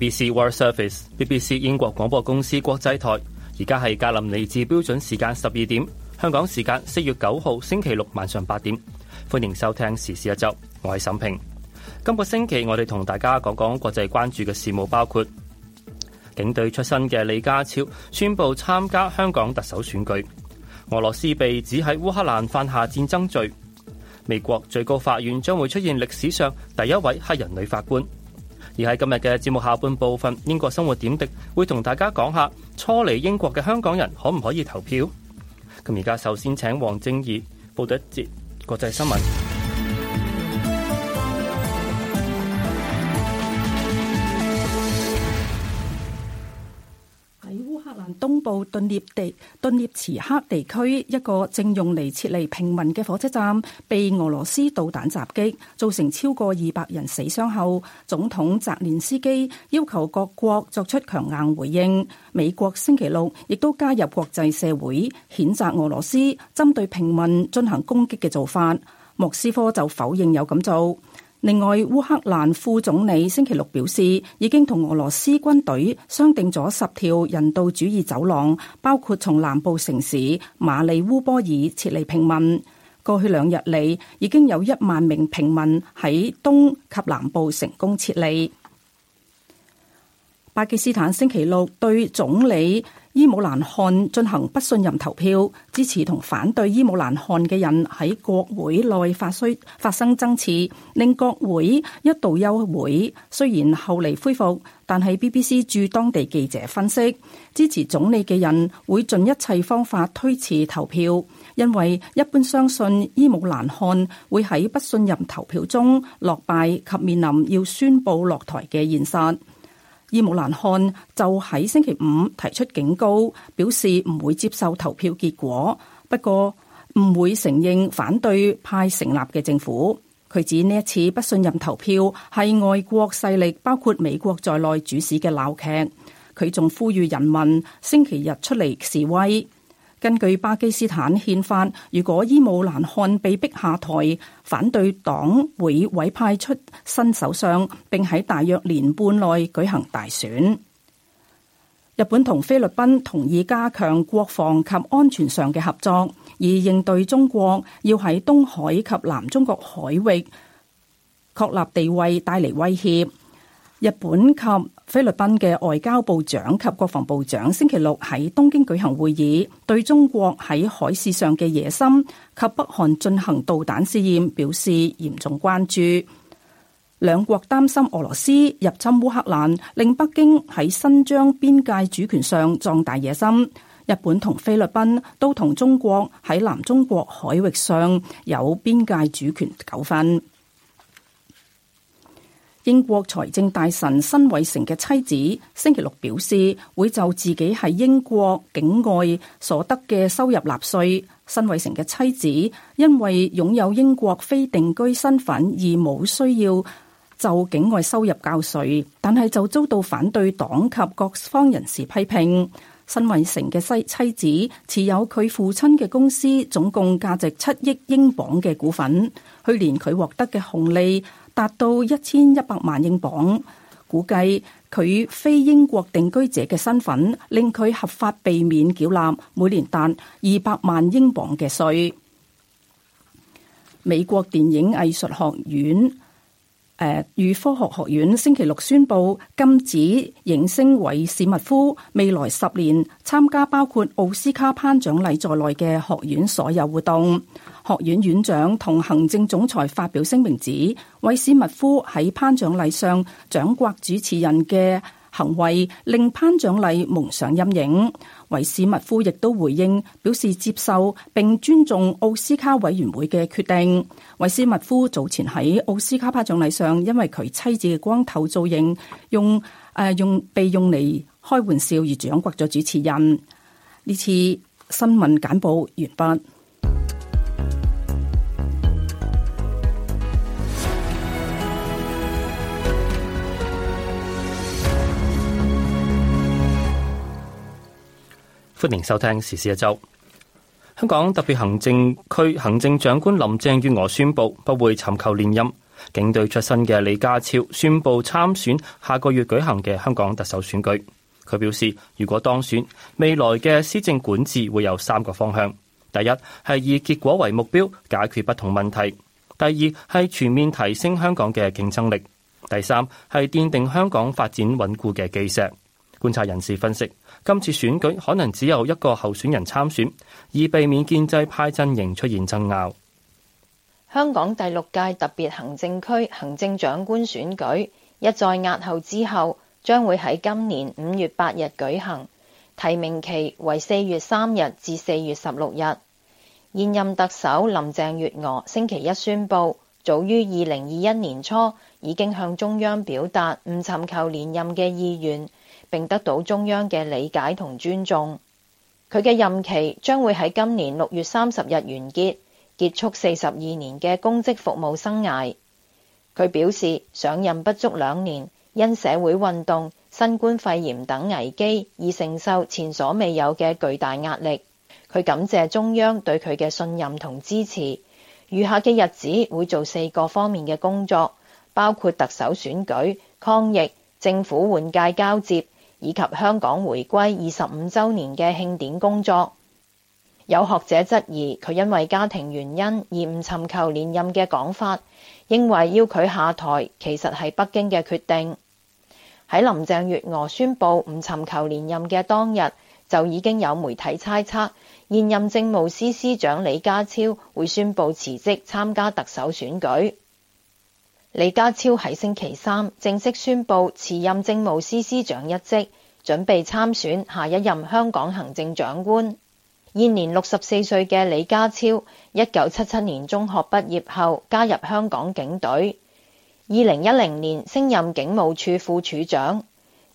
BBC World Service，BBC 英國廣播公司國際台，而家係格林尼治標準時間十二點，香港時間四月九號星期六晚上八點，歡迎收聽時事一周，我係沈平。今個星期我哋同大家講講國際關注嘅事務，包括警隊出身嘅李家超宣布參加香港特首選舉，俄羅斯被指喺烏克蘭犯下戰爭罪，美國最高法院將會出現歷史上第一位黑人女法官。而喺今日嘅節目下半部分，英國生活點滴會同大家講下初嚟英國嘅香港人可唔可以投票？咁而家首先請黃正義報道一節國際新聞。東部頓涅地頓涅茨克地區一個正用嚟撤離平民嘅火車站，被俄羅斯導彈襲擊，造成超過二百人死傷後，總統澤連斯基要求各國作出強硬回應。美國星期六亦都加入國際社會，譴責俄羅斯針對平民進行攻擊嘅做法。莫斯科就否認有咁做。另外，烏克蘭副總理星期六表示，已經同俄羅斯軍隊商定咗十條人道主義走廊，包括從南部城市馬里烏波爾撤離平民。過去兩日嚟，已經有一萬名平民喺東及南部成功撤離。巴基斯坦星期六對總理伊姆蘭汗，進行不信任投票，支持同反對伊姆蘭汗嘅人喺國會內發衰發生爭持，令國會一度休會。雖然後嚟恢復，但係 BBC 駐當地記者分析，支持總理嘅人會盡一切方法推遲投票，因為一般相信伊姆蘭汗會喺不信任投票中落敗及面臨要宣布落台嘅現實。伊姆蘭汗就喺星期五提出警告，表示唔會接受投票結果，不過唔會承認反對派成立嘅政府。佢指呢一次不信任投票係外國勢力包括美國在內主使嘅鬧劇。佢仲呼籲人民星期日出嚟示威。根據巴基斯坦憲法，如果伊姆蘭汗被逼下台，反對黨會委派出新首相，並喺大約年半內舉行大選。日本同菲律賓同意加強國防及安全上嘅合作，而應對中國要喺東海及南中國海域確立地位帶嚟威脅。日本及菲律賓嘅外交部長及國防部長星期六喺東京舉行會議，對中國喺海事上嘅野心及北韓進行導彈試驗表示嚴重關注。兩國擔心俄羅斯入侵烏克蘭，令北京喺新疆邊界主權上壯大野心。日本同菲律賓都同中國喺南中國海域上有邊界主權糾紛。英國財政大臣辛偉誠嘅妻子星期六表示，會就自己喺英國境外所得嘅收入納稅。辛偉誠嘅妻子因為擁有英國非定居身份而冇需要就境外收入交稅，但係就遭到反對黨及各方人士批評。辛偉誠嘅妻妻子持有佢父親嘅公司總共價值七億英鎊嘅股份，去年佢獲得嘅紅利達到一千一百萬英鎊，估計佢非英國定居者嘅身份令佢合法避免繳納每年達二百萬英鎊嘅稅。美國電影藝術學院誒與、呃、科學學院星期六宣布，禁止影星韋史密夫未來十年參加包括奧斯卡頒獎禮在內嘅學院所有活動。學院院長同行政總裁發表聲明指，韋史密夫喺頒獎禮上掌摑主持人嘅行為令頒獎禮蒙上陰影。韋史密夫亦都回應，表示接受並尊重奧斯卡委員會嘅決定。韋史密夫早前喺奧斯卡頒獎禮上，因為佢妻子嘅光頭造型，用誒、呃、用被用嚟開玩笑而掌摑咗主持人。呢次新聞簡報完畢。歡迎收聽時事一周。香港特別行政區行政長官林鄭月娥宣布不會尋求連任。警隊出身嘅李家超宣布參選下個月舉行嘅香港特首選舉。佢表示，如果當選，未來嘅施政管治會有三個方向：第一係以結果為目標解決不同問題；第二係全面提升香港嘅競爭力；第三係奠定香港發展穩固嘅基石。觀察人士分析。今次選舉可能只有一個候選人參選，以避免建制派陣營出現爭拗。香港第六屆特別行政區行政長官選舉一再押後之後，將會喺今年五月八日舉行，提名期為四月三日至四月十六日。現任特首林鄭月娥星期一宣布，早於二零二一年初已經向中央表達唔尋求連任嘅意願。並得到中央嘅理解同尊重，佢嘅任期將會喺今年六月三十日完結，結束四十二年嘅公職服務生涯。佢表示上任不足兩年，因社會運動、新冠肺炎等危機而承受前所未有嘅巨大壓力。佢感謝中央對佢嘅信任同支持，餘下嘅日子會做四個方面嘅工作，包括特首選舉、抗疫、政府換屆交接。以及香港回歸二十五周年嘅慶典工作。有學者質疑佢因為家庭原因而唔尋求連任嘅講法，認為要佢下台其實係北京嘅決定。喺林鄭月娥宣布唔尋求連任嘅當日，就已經有媒體猜測現任政務司司長李家超會宣布辭職參加特首選舉。李家超喺星期三正式宣布辭任政務司司長一職，準備參選下一任香港行政長官。現年六十四歲嘅李家超，一九七七年中學畢業後加入香港警隊，二零一零年升任警務處副處長，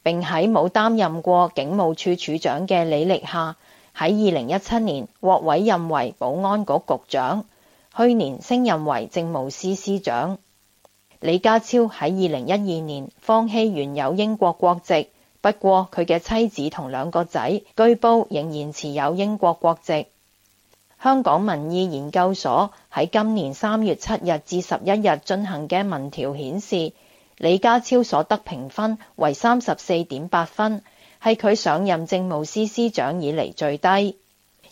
並喺冇擔任過警務處處長嘅履歷下，喺二零一七年獲委任為保安局局長，去年升任為政務司司長。李家超喺二零一二年放棄原有英國國籍，不過佢嘅妻子同兩個仔據報仍然持有英國國籍。香港民意研究所喺今年三月七日至十一日進行嘅民調顯示，李家超所得評分為三十四點八分，係佢上任政務司司長以嚟最低。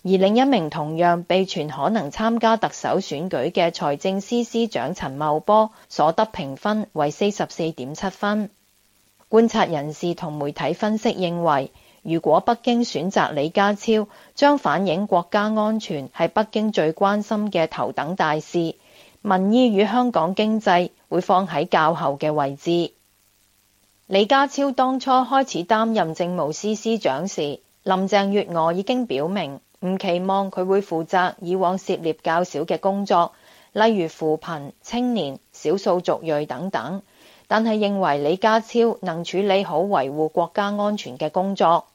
而另一名同樣被傳可能參加特首選舉嘅財政司司長陳茂波，所得評分為四十四點七分。觀察人士同媒體分析認為，如果北京選擇李家超，將反映國家安全係北京最關心嘅頭等大事，民意與香港經濟會放喺較後嘅位置。李家超當初開始擔任政務司司長時，林鄭月娥已經表明。唔期望佢會負責以往涉獵較少嘅工作，例如扶貧、青年、少數族裔等等。但係認為李家超能處理好維護國家安全嘅工作。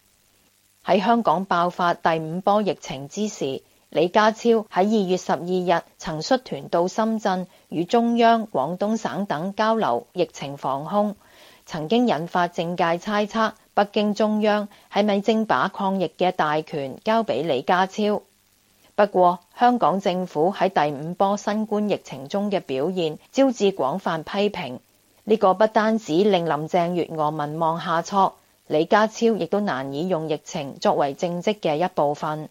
喺香港爆發第五波疫情之時，李家超喺二月十二日曾率團到深圳與中央、廣東省等交流疫情防控，曾經引發政界猜測。北京中央喺咪正把抗疫嘅大權交俾李家超？不過，香港政府喺第五波新冠疫情中嘅表現招致廣泛批評，呢、這個不單止令林鄭月娥民望下挫，李家超亦都難以用疫情作為政績嘅一部分。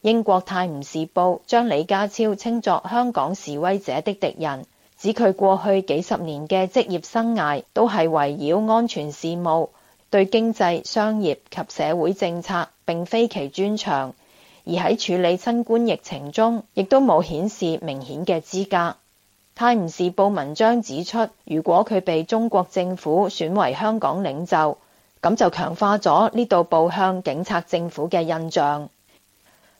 英國《泰晤士報》將李家超稱作香港示威者的敵人，指佢過去幾十年嘅職業生涯都係圍繞安全事務。對經濟、商業及社會政策，並非其專長，而喺處理新冠疫情中，亦都冇顯示明顯嘅資格。《泰晤士報》文章指出，如果佢被中國政府選為香港領袖，咁就強化咗呢度步向警察政府嘅印象。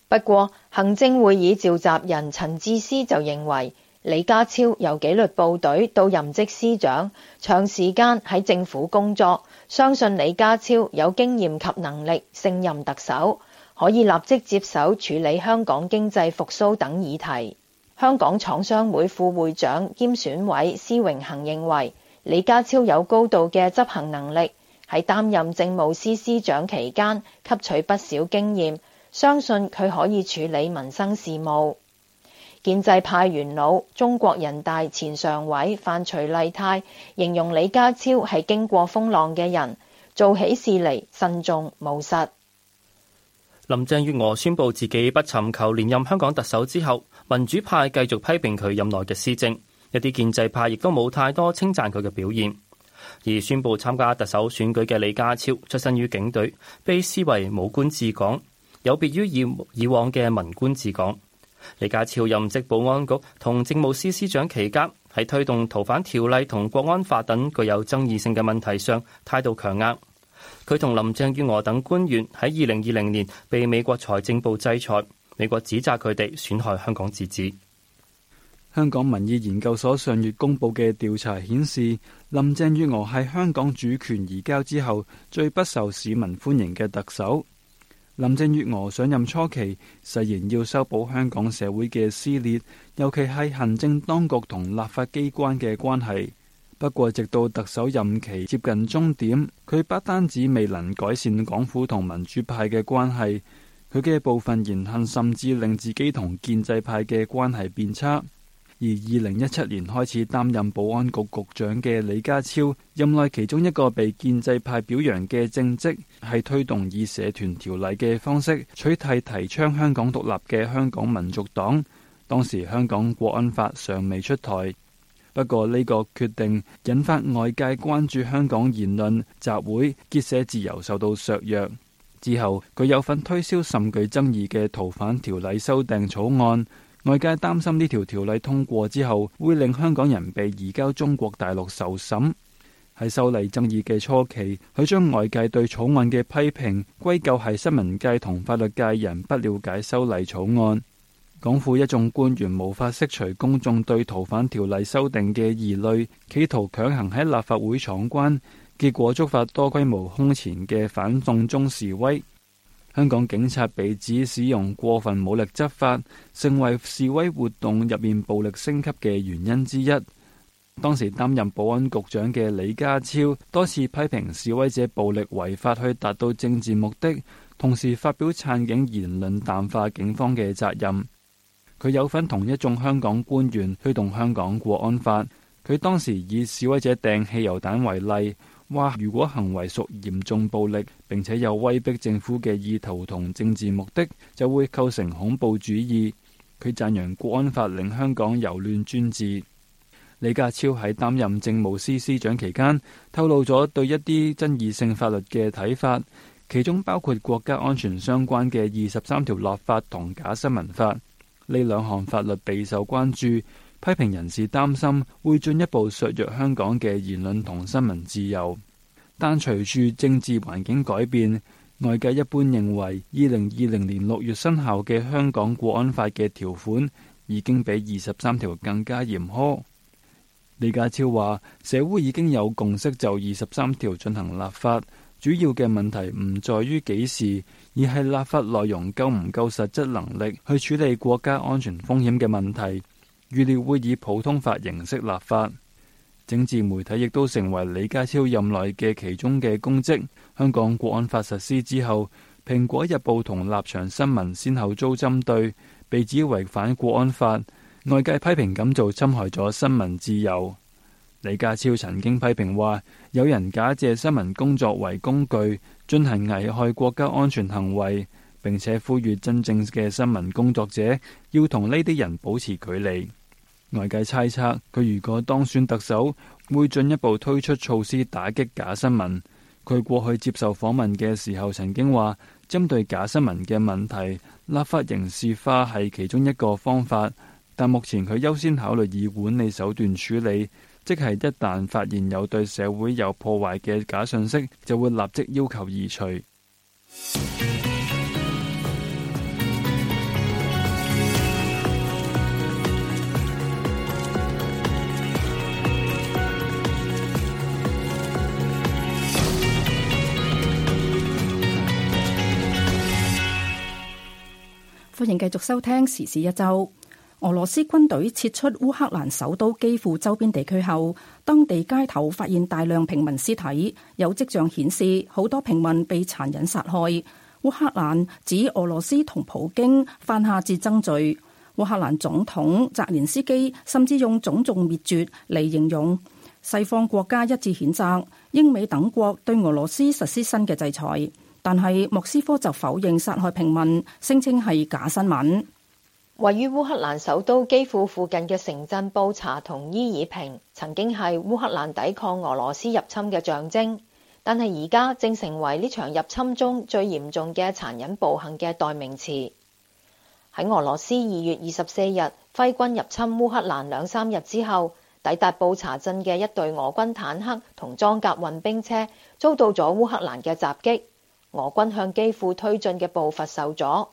不過，行政會議召集人陳智思就認為。李家超由紀律部隊到任職司長，長時間喺政府工作，相信李家超有經驗及能力勝任特首，可以立即接手處理香港經濟復蘇等議題。香港廠商會副會長兼選委施榮恒認為，李家超有高度嘅執行能力，喺擔任政務司司長期間吸取不少經驗，相信佢可以處理民生事務。建制派元老、中國人大前常委范徐麗泰形容李家超係經過風浪嘅人，做起事嚟慎重務實。林鄭月娥宣布自己不尋求連任香港特首之後，民主派繼續批評佢任內嘅施政，一啲建制派亦都冇太多稱讚佢嘅表現。而宣布參加特首選舉嘅李家超出身於警隊，被視為武官治港，有別於以往嘅文官治港。李家超任職保安局同政務司司長期間，喺推動逃犯條例同國安法等具有爭議性嘅問題上態度強硬。佢同林鄭月娥等官員喺二零二零年被美國財政部制裁，美國指責佢哋損害香港自治。香港民意研究所上月公布嘅調查顯示，林鄭月娥係香港主權移交之後最不受市民歡迎嘅特首。林鄭月娥上任初期誓言要修補香港社會嘅撕裂，尤其係行政當局同立法機關嘅關係。不過，直到特首任期接近終點，佢不單止未能改善港府同民主派嘅關係，佢嘅部分言行甚至令自己同建制派嘅關係變差。而二零一七年開始擔任保安局局長嘅李家超，任內其中一個被建制派表揚嘅政績係推動以社團條例嘅方式取締提倡香港獨立嘅香港民族黨。當時香港國安法尚未出台，不過呢個決定引發外界關注，香港言論集會結社自由受到削弱。之後，佢有份推銷甚具爭議嘅逃犯條例修訂草案。外界擔心呢條條例通過之後，會令香港人被移交中國大陸受審。喺修例爭議嘅初期，佢將外界對草案嘅批評歸咎係新聞界同法律界人不了解修例草案，港府一眾官員無法釋除公眾對逃犯條例修訂嘅疑慮，企圖強行喺立法會闖關，結果觸發多規模空前嘅反送中示威。香港警察被指使用過分武力執法，成為示威活動入面暴力升級嘅原因之一。當時擔任保安局長嘅李家超多次批評示威者暴力違法去達到政治目的，同時發表撐警言論淡化警方嘅責任。佢有份同一眾香港官員推動香港國安法，佢當時以示威者掟汽油彈為例。話如果行為屬嚴重暴力，並且有威逼政府嘅意圖同政治目的，就會構成恐怖主義。佢讚揚國安法令香港由亂轉治。李家超喺擔任政務司司長期間，透露咗對一啲爭議性法律嘅睇法，其中包括國家安全相關嘅二十三條立法同假新聞法。呢兩項法律備受關注。批評人士擔心會進一步削弱香港嘅言論同新聞自由，但隨住政治環境改變，外界一般認為二零二零年六月生效嘅香港國安法嘅條款已經比二十三條更加嚴苛。李家超話，社會已經有共識就二十三條進行立法，主要嘅問題唔在於幾時，而係立法內容夠唔夠實質能力去處理國家安全風險嘅問題。預料會以普通法形式立法整治媒體，亦都成為李家超任內嘅其中嘅公職。香港國安法實施之後，蘋果日報同立場新聞先後遭針對，被指違反國安法，外界批評咁做侵害咗新聞自由。李家超曾經批評話，有人假借新聞工作為工具進行危害國家安全行為，並且呼籲真正嘅新聞工作者要同呢啲人保持距離。外界猜測，佢如果當選特首，會進一步推出措施打擊假新聞。佢過去接受訪問嘅時候曾經話，針對假新聞嘅問題，立法刑事化係其中一個方法，但目前佢優先考慮以管理手段處理，即係一旦發現有對社會有破壞嘅假信息，就會立即要求移除。歡迎繼續收聽時事一周。俄羅斯軍隊撤出烏克蘭首都基輔周邊地區後，當地街頭發現大量平民屍體，有跡象顯示好多平民被殘忍殺害。烏克蘭指俄羅斯同普京犯下戰爭罪，烏克蘭總統澤連斯基甚至用種族滅絕嚟形容。西方國家一致譴責，英美等國對俄羅斯實施新嘅制裁。但係莫斯科就否認殺害平民，聲稱係假新聞。位於烏克蘭首都基輔附近嘅城鎮布查同伊爾平，曾經係烏克蘭抵抗俄羅斯入侵嘅象徵，但係而家正成為呢場入侵中最嚴重嘅殘忍暴行嘅代名詞。喺俄羅斯二月二十四日揮軍入侵烏克蘭兩三日之後，抵達布查鎮嘅一隊俄軍坦克同裝甲運兵車遭到咗烏克蘭嘅襲擊。俄軍向基輔推進嘅步伐受阻，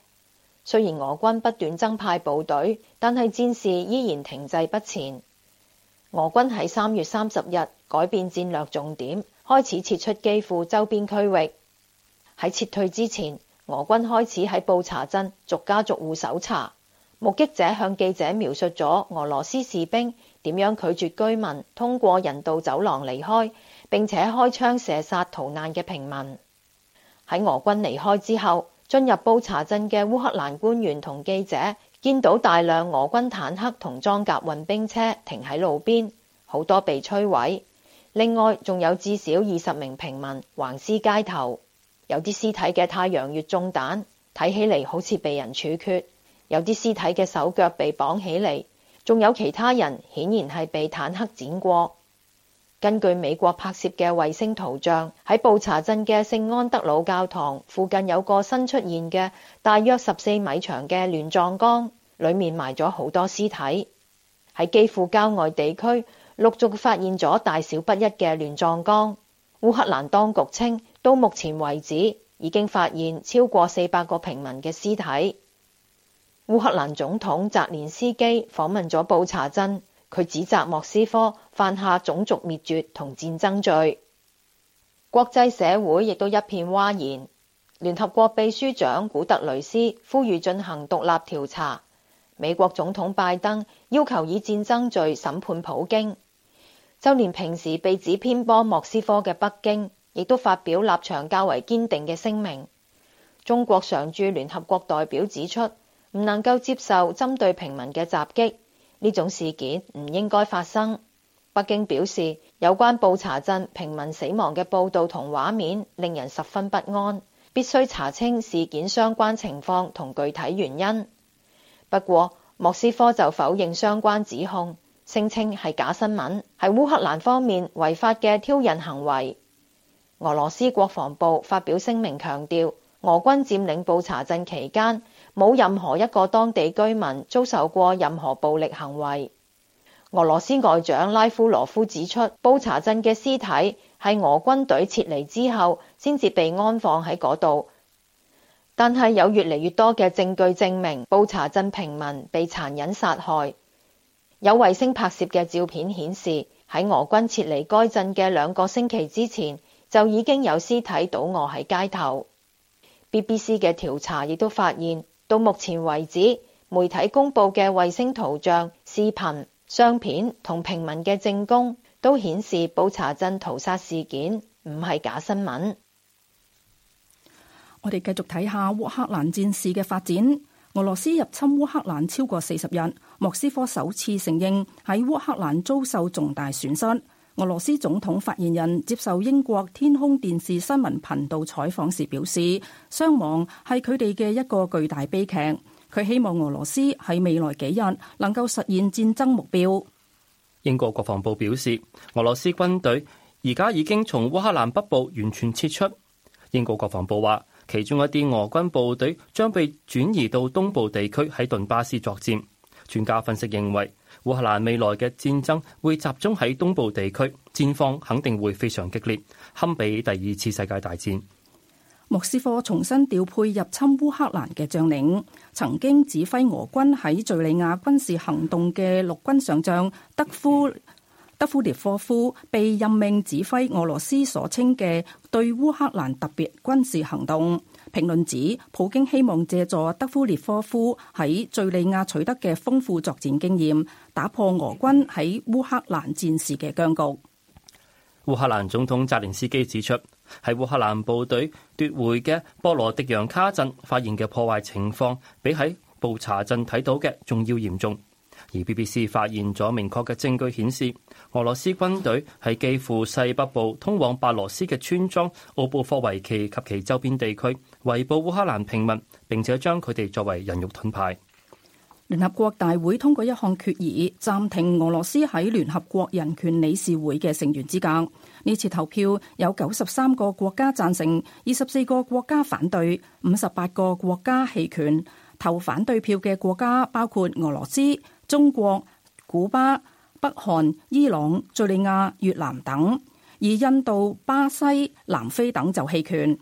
雖然俄軍不斷增派部隊，但係戰事依然停滯不前。俄軍喺三月三十日改變戰略重點，開始撤出基輔周邊區域。喺撤退之前，俄軍開始喺布查鎮逐家逐戶搜查。目擊者向記者描述咗俄羅斯士兵點樣拒絕居民通過人道走廊離開，並且開槍射殺逃難嘅平民。喺俄軍離開之後，進入布查鎮嘅烏克蘭官員同記者見到大量俄軍坦克同裝甲運兵車停喺路邊，好多被摧毀。另外，仲有至少二十名平民橫屍街頭，有啲屍體嘅太陽穴中彈，睇起嚟好似被人處決；有啲屍體嘅手腳被綁起嚟，仲有其他人顯然係被坦克剪過。根據美國拍攝嘅衛星圖像，喺布查鎮嘅聖安德魯教堂附近有個新出現嘅大約十四米長嘅亂葬崗，裏面埋咗好多屍體。喺基輔郊外地區陸續發現咗大小不一嘅亂葬崗。烏克蘭當局稱，到目前為止已經發現超過四百個平民嘅屍體。烏克蘭總統澤連斯基訪問咗布查鎮。佢指責莫斯科犯下種族滅絕同戰爭罪，國際社會亦都一片嘩然。聯合國秘書長古特雷斯呼籲進行獨立調查，美國總統拜登要求以戰爭罪審判普京。就連平時被指偏幫莫斯科嘅北京，亦都發表立場較為堅定嘅聲明。中國常駐聯合國代表指出，唔能夠接受針對平民嘅襲擊。呢種事件唔應該發生。北京表示，有關布查鎮平民死亡嘅報道同畫面令人十分不安，必須查清事件相關情況同具體原因。不過，莫斯科就否認相關指控，聲稱係假新聞，係烏克蘭方面違法嘅挑釁行為。俄羅斯國防部發表聲明強調，俄軍佔領布查鎮期間，冇任何一個當地居民遭受過任何暴力行為。俄羅斯外長拉夫羅夫指出，布查鎮嘅屍體係俄軍隊撤離之後先至被安放喺嗰度。但係有越嚟越多嘅證據證明，布查鎮平民被殘忍殺害。有衛星拍攝嘅照片顯示，喺俄軍撤離該鎮嘅兩個星期之前，就已經有屍體倒臥喺街頭。BBC 嘅調查亦都發現。到目前為止，媒體公佈嘅衛星圖像、視頻、相片同平民嘅證供都顯示布查鎮屠殺事件唔係假新聞。我哋繼續睇下烏克蘭戰事嘅發展。俄羅斯入侵烏克蘭超過四十日，莫斯科首次承認喺烏克蘭遭受重大損失。俄羅斯總統發言人接受英國天空電視新聞頻道採訪時表示，傷亡係佢哋嘅一個巨大悲劇。佢希望俄羅斯喺未來幾日能夠實現戰爭目標。英國國防部表示，俄羅斯軍隊而家已經從烏克蘭北部完全撤出。英國國防部話，其中一啲俄軍部隊將被轉移到東部地區喺頓巴斯作戰。專家分析認為，烏克蘭未來嘅戰爭會集中喺東部地區，戰況肯定會非常激烈，堪比第二次世界大戰。莫斯科重新調配入侵烏克蘭嘅將領，曾經指揮俄軍喺敘利亞軍事行動嘅陸軍上將德夫德夫列科夫被任命指揮俄羅斯所稱嘅對烏克蘭特別軍事行動。評論指，普京希望借助德夫列科夫喺敘利亞取得嘅豐富作戰經驗，打破俄軍喺烏克蘭戰事嘅僵局。烏克蘭總統澤連斯基指出，喺烏克蘭部隊奪回嘅波羅的揚卡鎮發現嘅破壞情況，比喺布查鎮睇到嘅仲要嚴重。而 BBC 發現咗明確嘅證據，顯示俄羅斯軍隊喺幾乎西北部通往白羅斯嘅村莊奧布霍維奇及其周邊地區。圍捕烏克蘭平民，並且將佢哋作為人肉盾牌。聯合國大會通過一項決議，暫停俄羅斯喺聯合國人權理事會嘅成員資格。呢次投票有九十三個國家贊成，二十四個國家反對，五十八個國家棄權。投反對票嘅國家包括俄羅斯、中國、古巴、北韓、伊朗、敘利亞、越南等，而印度、巴西、南非等就棄權。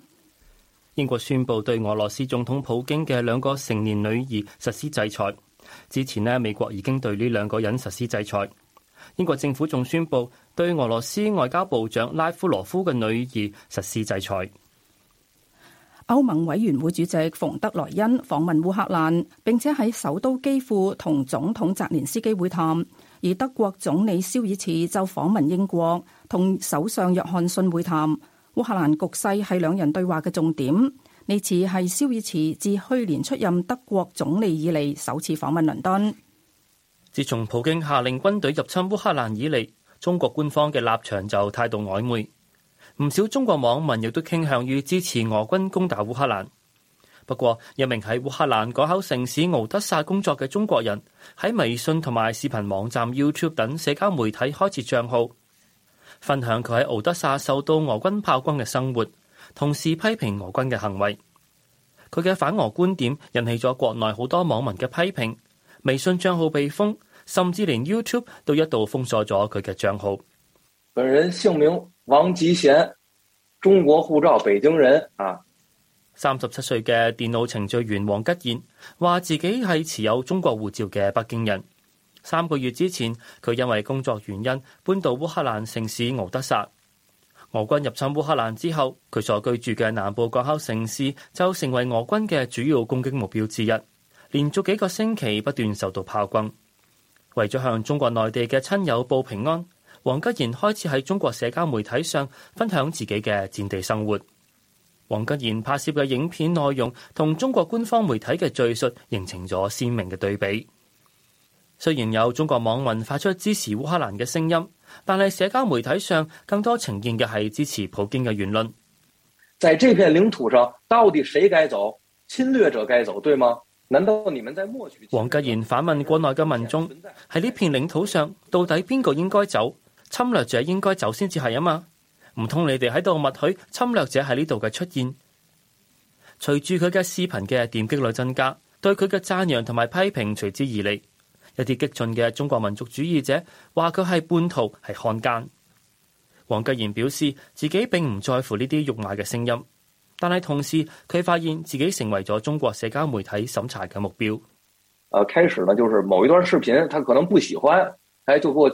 英國宣布對俄羅斯總統普京嘅兩個成年女兒實施制裁。之前呢，美國已經對呢兩個人實施制裁。英國政府仲宣布對俄羅斯外交部長拉夫羅夫嘅女兒實施制裁。歐盟委員會主席馮德萊恩訪問烏克蘭，並且喺首都基輔同總統澤連斯基會談。而德國總理肖爾茨就訪問英國，同首相約翰遜會談。烏克蘭局勢係兩人對話嘅重點。呢次係肖爾茨自去年出任德國總理以嚟首次訪問倫敦。自從普京下令軍隊入侵烏克蘭以嚟，中國官方嘅立場就態度曖昧。唔少中國網民亦都傾向於支持俄軍攻打烏克蘭。不過，一名喺烏克蘭港口城市敖德薩工作嘅中國人喺微信同埋視頻網站 YouTube 等社交媒體開設賬號。分享佢喺敖德薩受到俄軍炮轟嘅生活，同時批評俄軍嘅行為。佢嘅反俄觀點引起咗國內好多網民嘅批評，微信賬號被封，甚至連 YouTube 都一度封鎖咗佢嘅賬號。本人姓名王吉賢，中國護照，北京人。啊，三十七歲嘅電腦程序員王吉賢話自己係持有中國護照嘅北京人。三個月之前，佢因為工作原因搬到烏克蘭城市敖德薩。俄軍入侵烏克蘭之後，佢所居住嘅南部港口城市就成為俄軍嘅主要攻擊目標之一，連續幾個星期不斷受到炮轟。為咗向中國內地嘅親友報平安，王吉賢開始喺中國社交媒體上分享自己嘅戰地生活。王吉賢拍攝嘅影片內容同中國官方媒體嘅敘述形成咗鮮明嘅對比。雖然有中國網民發出支持烏克蘭嘅聲音，但係社交媒體上更多呈現嘅係支持普京嘅言論。在這片領土上，到底誰該走？侵略者該走，對嗎？難道你們在默許？王繼賢反問國內嘅民眾，喺呢片領土上，到底邊個應該走？侵略者應該走先至係啊嘛？唔通你哋喺度默許侵略者喺呢度嘅出現？隨住佢嘅視頻嘅點擊率增加，對佢嘅讚揚同埋批評隨之而嚟。一啲激進嘅中國民族主義者話佢係叛徒、係漢奸。黃繼賢表示自己並唔在乎呢啲辱罵嘅聲音，但係同時佢發現自己成為咗中國社交媒體審查嘅目標。啊，開始呢，就是某一段視頻，他可能不喜歡，誒，就給我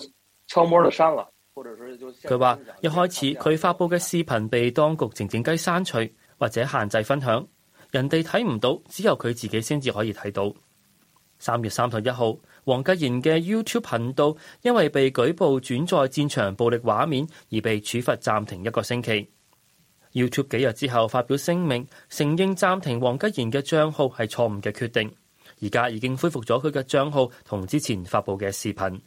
悄摸地刪啦。佢話一開始佢發佈嘅視頻被當局靜靜雞刪除或者限制分享，人哋睇唔到，只有佢自己先至可以睇到。三月三十一號。黃吉賢嘅 YouTube 頻道因為被舉報轉載戰場暴力畫面而被處罰暫停一個星期。YouTube 幾日之後發表聲明，承認暫停黃吉賢嘅賬號係錯誤嘅決定，而家已經恢復咗佢嘅賬號同之前發布嘅視頻。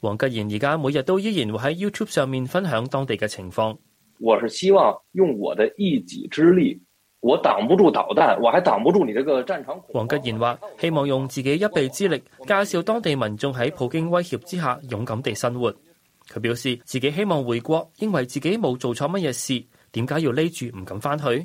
黃吉賢而家每日都依然會喺 YouTube 上面分享當地嘅情況。我是希望用我的一己之力。我擋不住導彈，我還擋不住你這個戰場。王吉賢話：希望用自己一臂之力，介紹當地民眾喺普京威脅之下勇敢地生活。佢表示自己希望回國，因為自己冇做錯乜嘢事，點解要匿住唔敢翻去？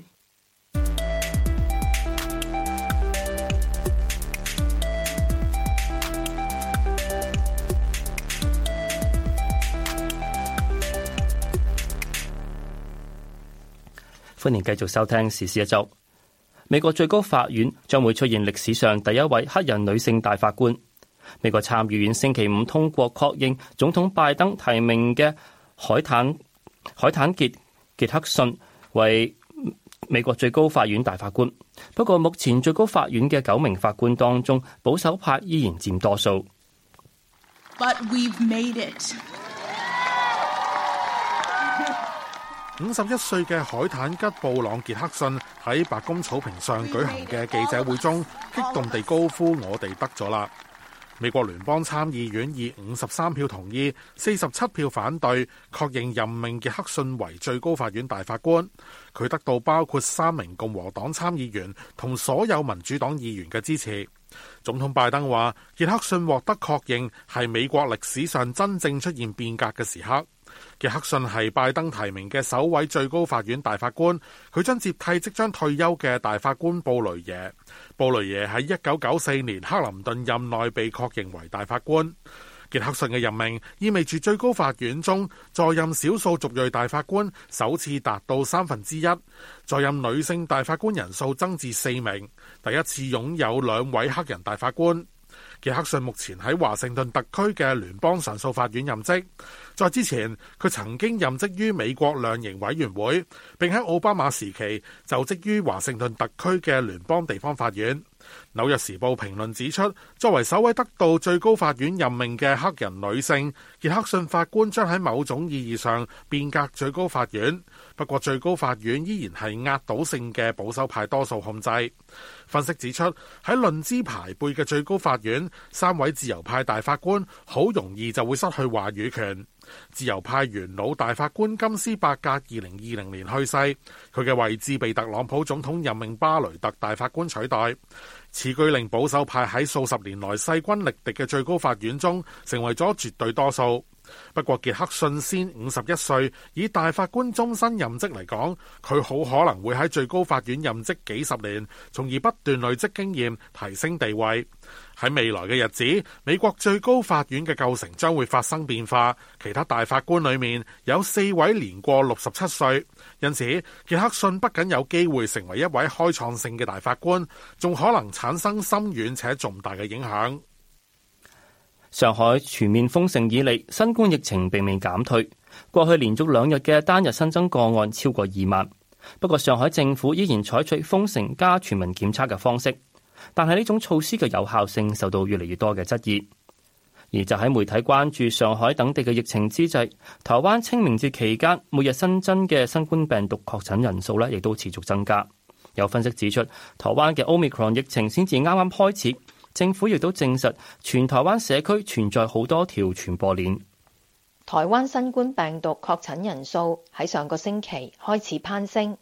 歡迎繼續收聽時事一周。美國最高法院將會出現歷史上第一位黑人女性大法官。美國參議院星期五通過確認總統拜登提名嘅海坦海坦傑傑克遜為美國最高法院大法官。不過目前最高法院嘅九名法官當中，保守派依然佔多數。But 五十一歲嘅海坦吉布朗傑克遜喺白宮草坪上舉行嘅記者會中，激動地高呼：我哋得咗啦！美國聯邦參議院以五十三票同意、四十七票反對，確認任命傑克遜為最高法院大法官。佢得到包括三名共和黨參議員同所有民主黨議員嘅支持。總統拜登話：傑克遜獲得確認係美國歷史上真正出現變革嘅時刻。傑克遜係拜登提名嘅首位最高法院大法官，佢將接替即將退休嘅大法官布雷耶。布雷耶喺一九九四年克林頓任內被確認為大法官。傑克遜嘅任命意味住最高法院中在任少數族裔大法官首次達到三分之一，3, 在任女性大法官人數增至四名，第一次擁有兩位黑人大法官。傑克遜目前喺華盛頓特區嘅聯邦上訴法院任職。在之前，佢曾經任職於美國量刑委員會，並喺奧巴馬時期就職於華盛頓特區嘅聯邦地方法院。紐約時報評論指出，作為首位得到最高法院任命嘅黑人女性，傑克遜法官將喺某種意義上變革最高法院。不過，最高法院依然係壓倒性嘅保守派多數控制。分析指出，喺論資排輩嘅最高法院，三位自由派大法官好容易就會失去話語權。自由派元老大法官金斯伯格二零二零年去世，佢嘅位置被特朗普總統任命巴雷特大法官取代，此舉令保守派喺數十年來勢均力敵嘅最高法院中成為咗絕對多數。不過傑克遜先五十一歲，以大法官終身任職嚟講，佢好可能會喺最高法院任職幾十年，從而不斷累積經驗，提升地位。喺未來嘅日子，美國最高法院嘅構成將會發生變化，其他大法官裏面有四位年過六十七歲，因此傑克遜不僅有機會成為一位開創性嘅大法官，仲可能產生深遠且重大嘅影響。上海全面封城以嚟，新冠疫情并未減退。過去連續兩日嘅單日新增個案超過二萬。不過，上海政府依然採取封城加全民檢測嘅方式，但係呢種措施嘅有效性受到越嚟越多嘅質疑。而就喺媒體關注上海等地嘅疫情之際，台灣清明節期間每日新增嘅新冠病毒確診人數咧，亦都持續增加。有分析指出，台灣嘅 omicron 疫情先至啱啱開始。政府亦都證實，全台灣社區存在好多條傳播鏈。台灣新冠病毒確診人數喺上個星期開始攀升。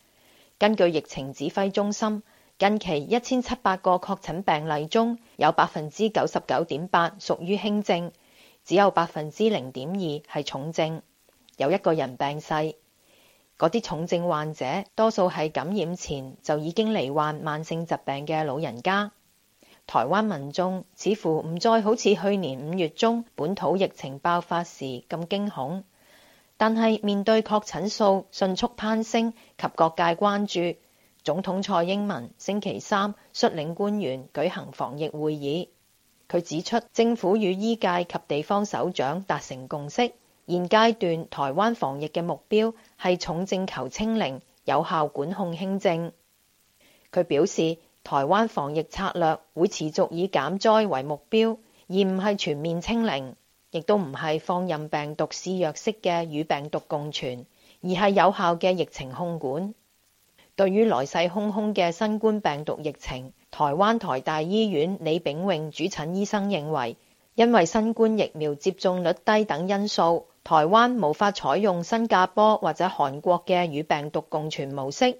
根據疫情指揮中心，近期一千七百個確診病例中有百分之九十九點八屬於輕症，只有百分之零點二係重症，有一個人病逝。嗰啲重症患者多數係感染前就已經罹患慢性疾病嘅老人家。台灣民眾似乎唔再好似去年五月中本土疫情爆發時咁驚恐，但係面對確診數迅速攀升及各界關注，總統蔡英文星期三率領官員舉行防疫會議。佢指出，政府與醫界及地方首長達成共識，現階段台灣防疫嘅目標係重症求清零，有效管控輕症。佢表示：台灣防疫策略會持續以減災為目標，而唔係全面清零，亦都唔係放任病毒肆虐式嘅與病毒共存，而係有效嘅疫情控管。對於來勢洶洶嘅新冠病毒疫情，台灣台大醫院李秉穎主診醫生認為，因為新冠疫苗接種率低等因素，台灣無法採用新加坡或者韓國嘅與病毒共存模式。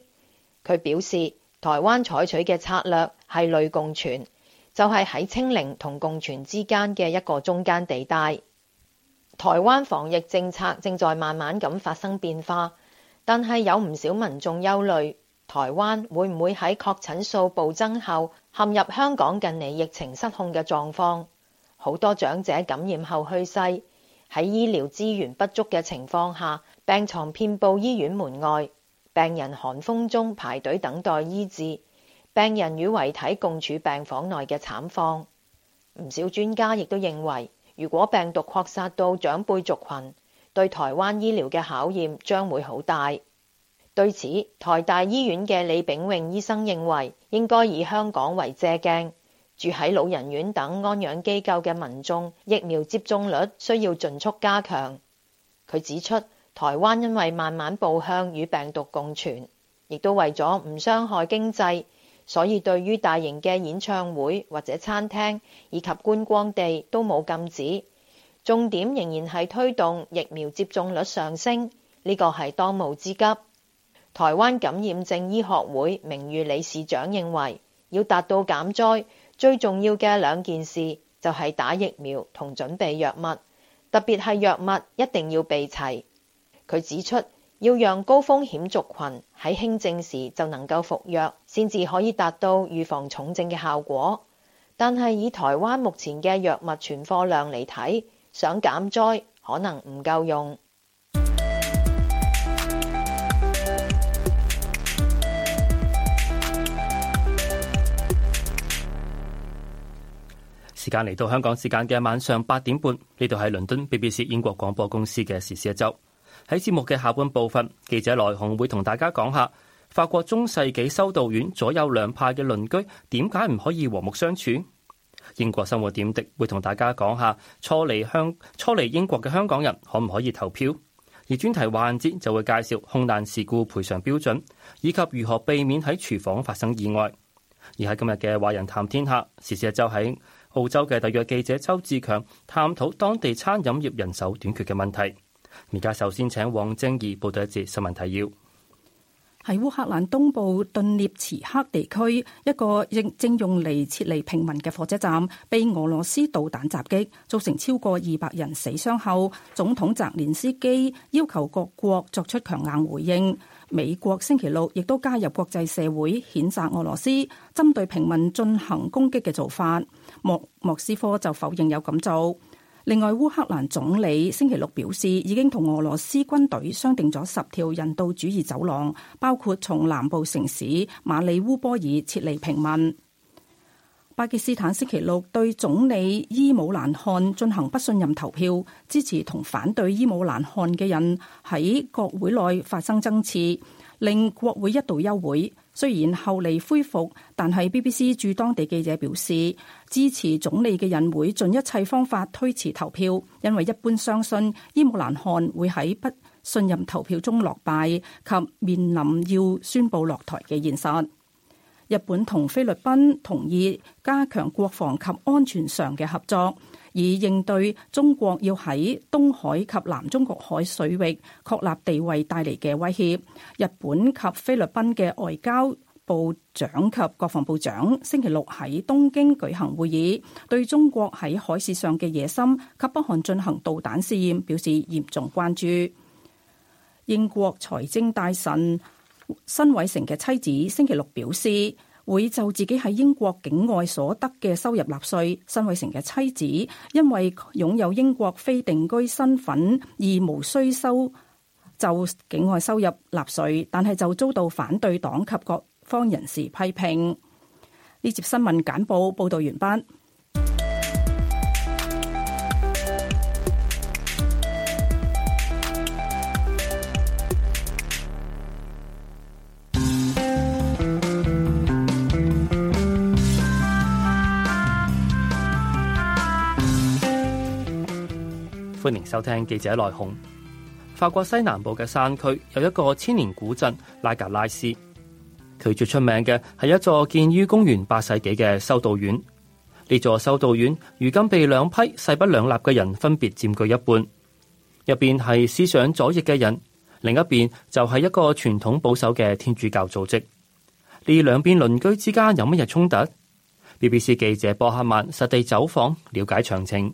佢表示。台灣採取嘅策略係類共存，就係喺清零同共存之間嘅一個中間地帶。台灣防疫政策正在慢慢咁發生變化，但係有唔少民眾憂慮，台灣會唔會喺確診數暴增後陷入香港近年疫情失控嘅狀況？好多長者感染後去世，喺醫療資源不足嘅情況下，病床遍佈醫院門外。病人寒風中排隊等待醫治，病人與遺體共處病房內嘅慘況，唔少專家亦都認為，如果病毒擴散到長輩族群，對台灣醫療嘅考驗將會好大。對此，台大醫院嘅李炳穎醫生認為，應該以香港為借鏡，住喺老人院等安養機構嘅民眾，疫苗接種率需要迅速加強。佢指出。台灣因為慢慢步向與病毒共存，亦都為咗唔傷害經濟，所以對於大型嘅演唱會或者餐廳以及觀光地都冇禁止。重點仍然係推動疫苗接種率上升，呢個係當務之急。台灣感染症醫學會名譽理事長認為，要達到減災最重要嘅兩件事就係打疫苗同準備藥物，特別係藥物一定要備齊。佢指出，要讓高風險族群喺輕症時就能夠服藥，先至可以達到預防重症嘅效果。但係以台灣目前嘅藥物存貨量嚟睇，想減災可能唔夠用。時間嚟到香港時間嘅晚上八點半，呢度係倫敦 BBC 英國廣播公司嘅時事一周。喺節目嘅下半部分，記者來鴻會同大家講下法國中世紀修道院左右兩派嘅鄰居點解唔可以和睦相處。英國生活點滴會同大家講下初嚟香初嚟英國嘅香港人可唔可以投票？而專題環節就會介紹空難事故賠償標準以及如何避免喺廚房發生意外。而喺今日嘅華人談天下時事一周，喺澳洲嘅特約記者周志強探討當地餐飲業人手短缺嘅問題。而家首先請王晶儀報導一節新聞提要。喺烏克蘭東部頓涅茨克地區一個正正用嚟撤離平民嘅火車站被俄羅斯導彈襲擊，造成超過二百人死傷後，總統澤連斯基要求各國作出強硬回應。美國星期六亦都加入國際社會譴責俄羅斯針對平民進行攻擊嘅做法。莫莫斯科就否認有咁做。另外，烏克蘭總理星期六表示，已經同俄羅斯軍隊商定咗十條人道主義走廊，包括從南部城市馬里烏波爾撤離平民。巴基斯坦星期六對總理伊姆蘭汗進行不信任投票，支持同反對伊姆蘭汗嘅人喺國會內發生爭持，令國會一度休會。雖然後嚟恢復，但係 BBC 駐當地記者表示，支持總理嘅人會盡一切方法推遲投票，因為一般相信伊姆蘭汗會喺不信任投票中落敗及面臨要宣佈落台嘅現實。日本同菲律賓同意加強國防及安全上嘅合作。以應對中國要喺東海及南中國海水域確立地位帶嚟嘅威脅。日本及菲律賓嘅外交部長及國防部長星期六喺東京舉行會議，對中國喺海事上嘅野心及北韓進行導彈試驗表示嚴重關注。英國財政大臣辛偉誠嘅妻子星期六表示，會就自己喺英國境外所得嘅收入納稅，辛偉誠嘅妻子因為擁有英國非定居身份而無需收就境外收入納稅，但係就遭到反對黨及各方人士批評。呢節新聞簡報報道完畢。歡迎收聽記者來鴻。法國西南部嘅山區有一個千年古鎮拉格拉斯，佢最出名嘅係一座建於公元八世紀嘅修道院。呢座修道院如今被兩批勢不兩立嘅人分別佔據一半，入邊係思想左翼嘅人，另一邊就係一個傳統保守嘅天主教組織。呢兩邊鄰居之間有乜嘢衝突？BBC 記者波克曼實地走訪了解詳情。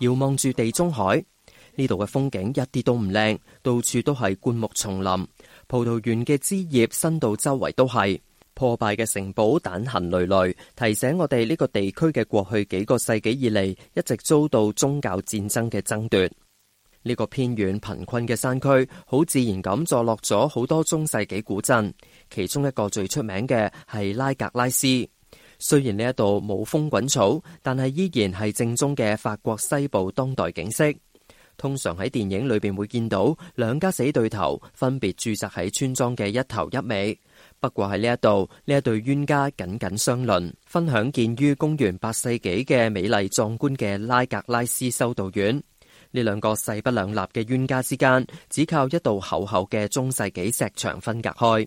遙望住地中海，呢度嘅風景一啲都唔靚，到處都係灌木叢林、葡萄園嘅枝葉伸到周圍都係破敗嘅城堡，彈痕累累，提醒我哋呢個地區嘅過去幾個世紀以嚟一直遭到宗教戰爭嘅爭奪。呢個偏遠貧困嘅山區，好自然咁坐落咗好多中世紀古鎮，其中一個最出名嘅係拉格拉斯。雖然呢一度冇風滾草，但係依然係正宗嘅法國西部當代景色。通常喺電影裏邊會見到兩家死對頭分別駐紮喺村莊嘅一頭一尾。不過喺呢一度，呢一對冤家緊緊相鄰，分享建於公元八世紀嘅美麗壯觀嘅拉格拉斯修道院。呢兩個勢不兩立嘅冤家之間，只靠一道厚厚嘅中世紀石牆分隔開。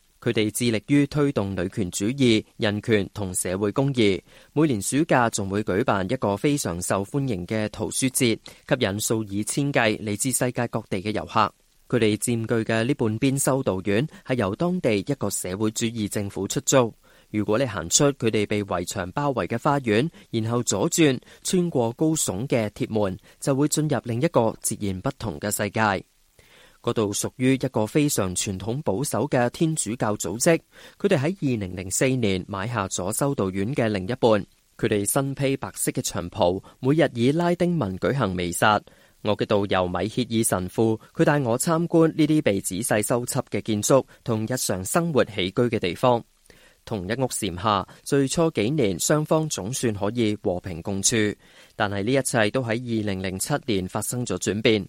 佢哋致力於推動女權主義、人權同社會公義。每年暑假仲會舉辦一個非常受歡迎嘅圖書節，吸引數以千計嚟自世界各地嘅遊客。佢哋佔據嘅呢半邊修道院係由當地一個社會主義政府出租。如果你行出佢哋被圍牆包圍嘅花園，然後左轉，穿過高聳嘅鐵門，就會進入另一個截然不同嘅世界。嗰度屬於一個非常傳統保守嘅天主教組織，佢哋喺二零零四年買下咗修道院嘅另一半。佢哋身披白色嘅長袍，每日以拉丁文舉行彌撒。我嘅導遊米歇爾神父，佢帶我參觀呢啲被仔細修葺嘅建築同日常生活起居嘅地方。同一屋檐下，最初幾年雙方總算可以和平共處，但係呢一切都喺二零零七年發生咗轉變。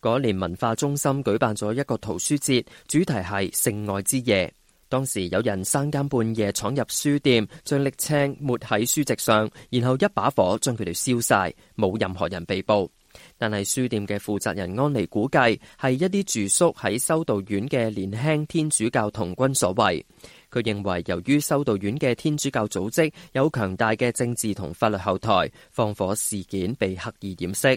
嗰年文化中心舉辦咗一個圖書節，主題係性愛之夜。當時有人三更半夜闖入書店，將瀝青抹喺書籍上，然後一把火將佢哋燒晒，冇任何人被捕。但係書店嘅負責人安妮估計係一啲住宿喺修道院嘅年輕天主教童軍所為。佢認為，由於修道院嘅天主教組織有強大嘅政治同法律後台，放火事件被刻意掩飾。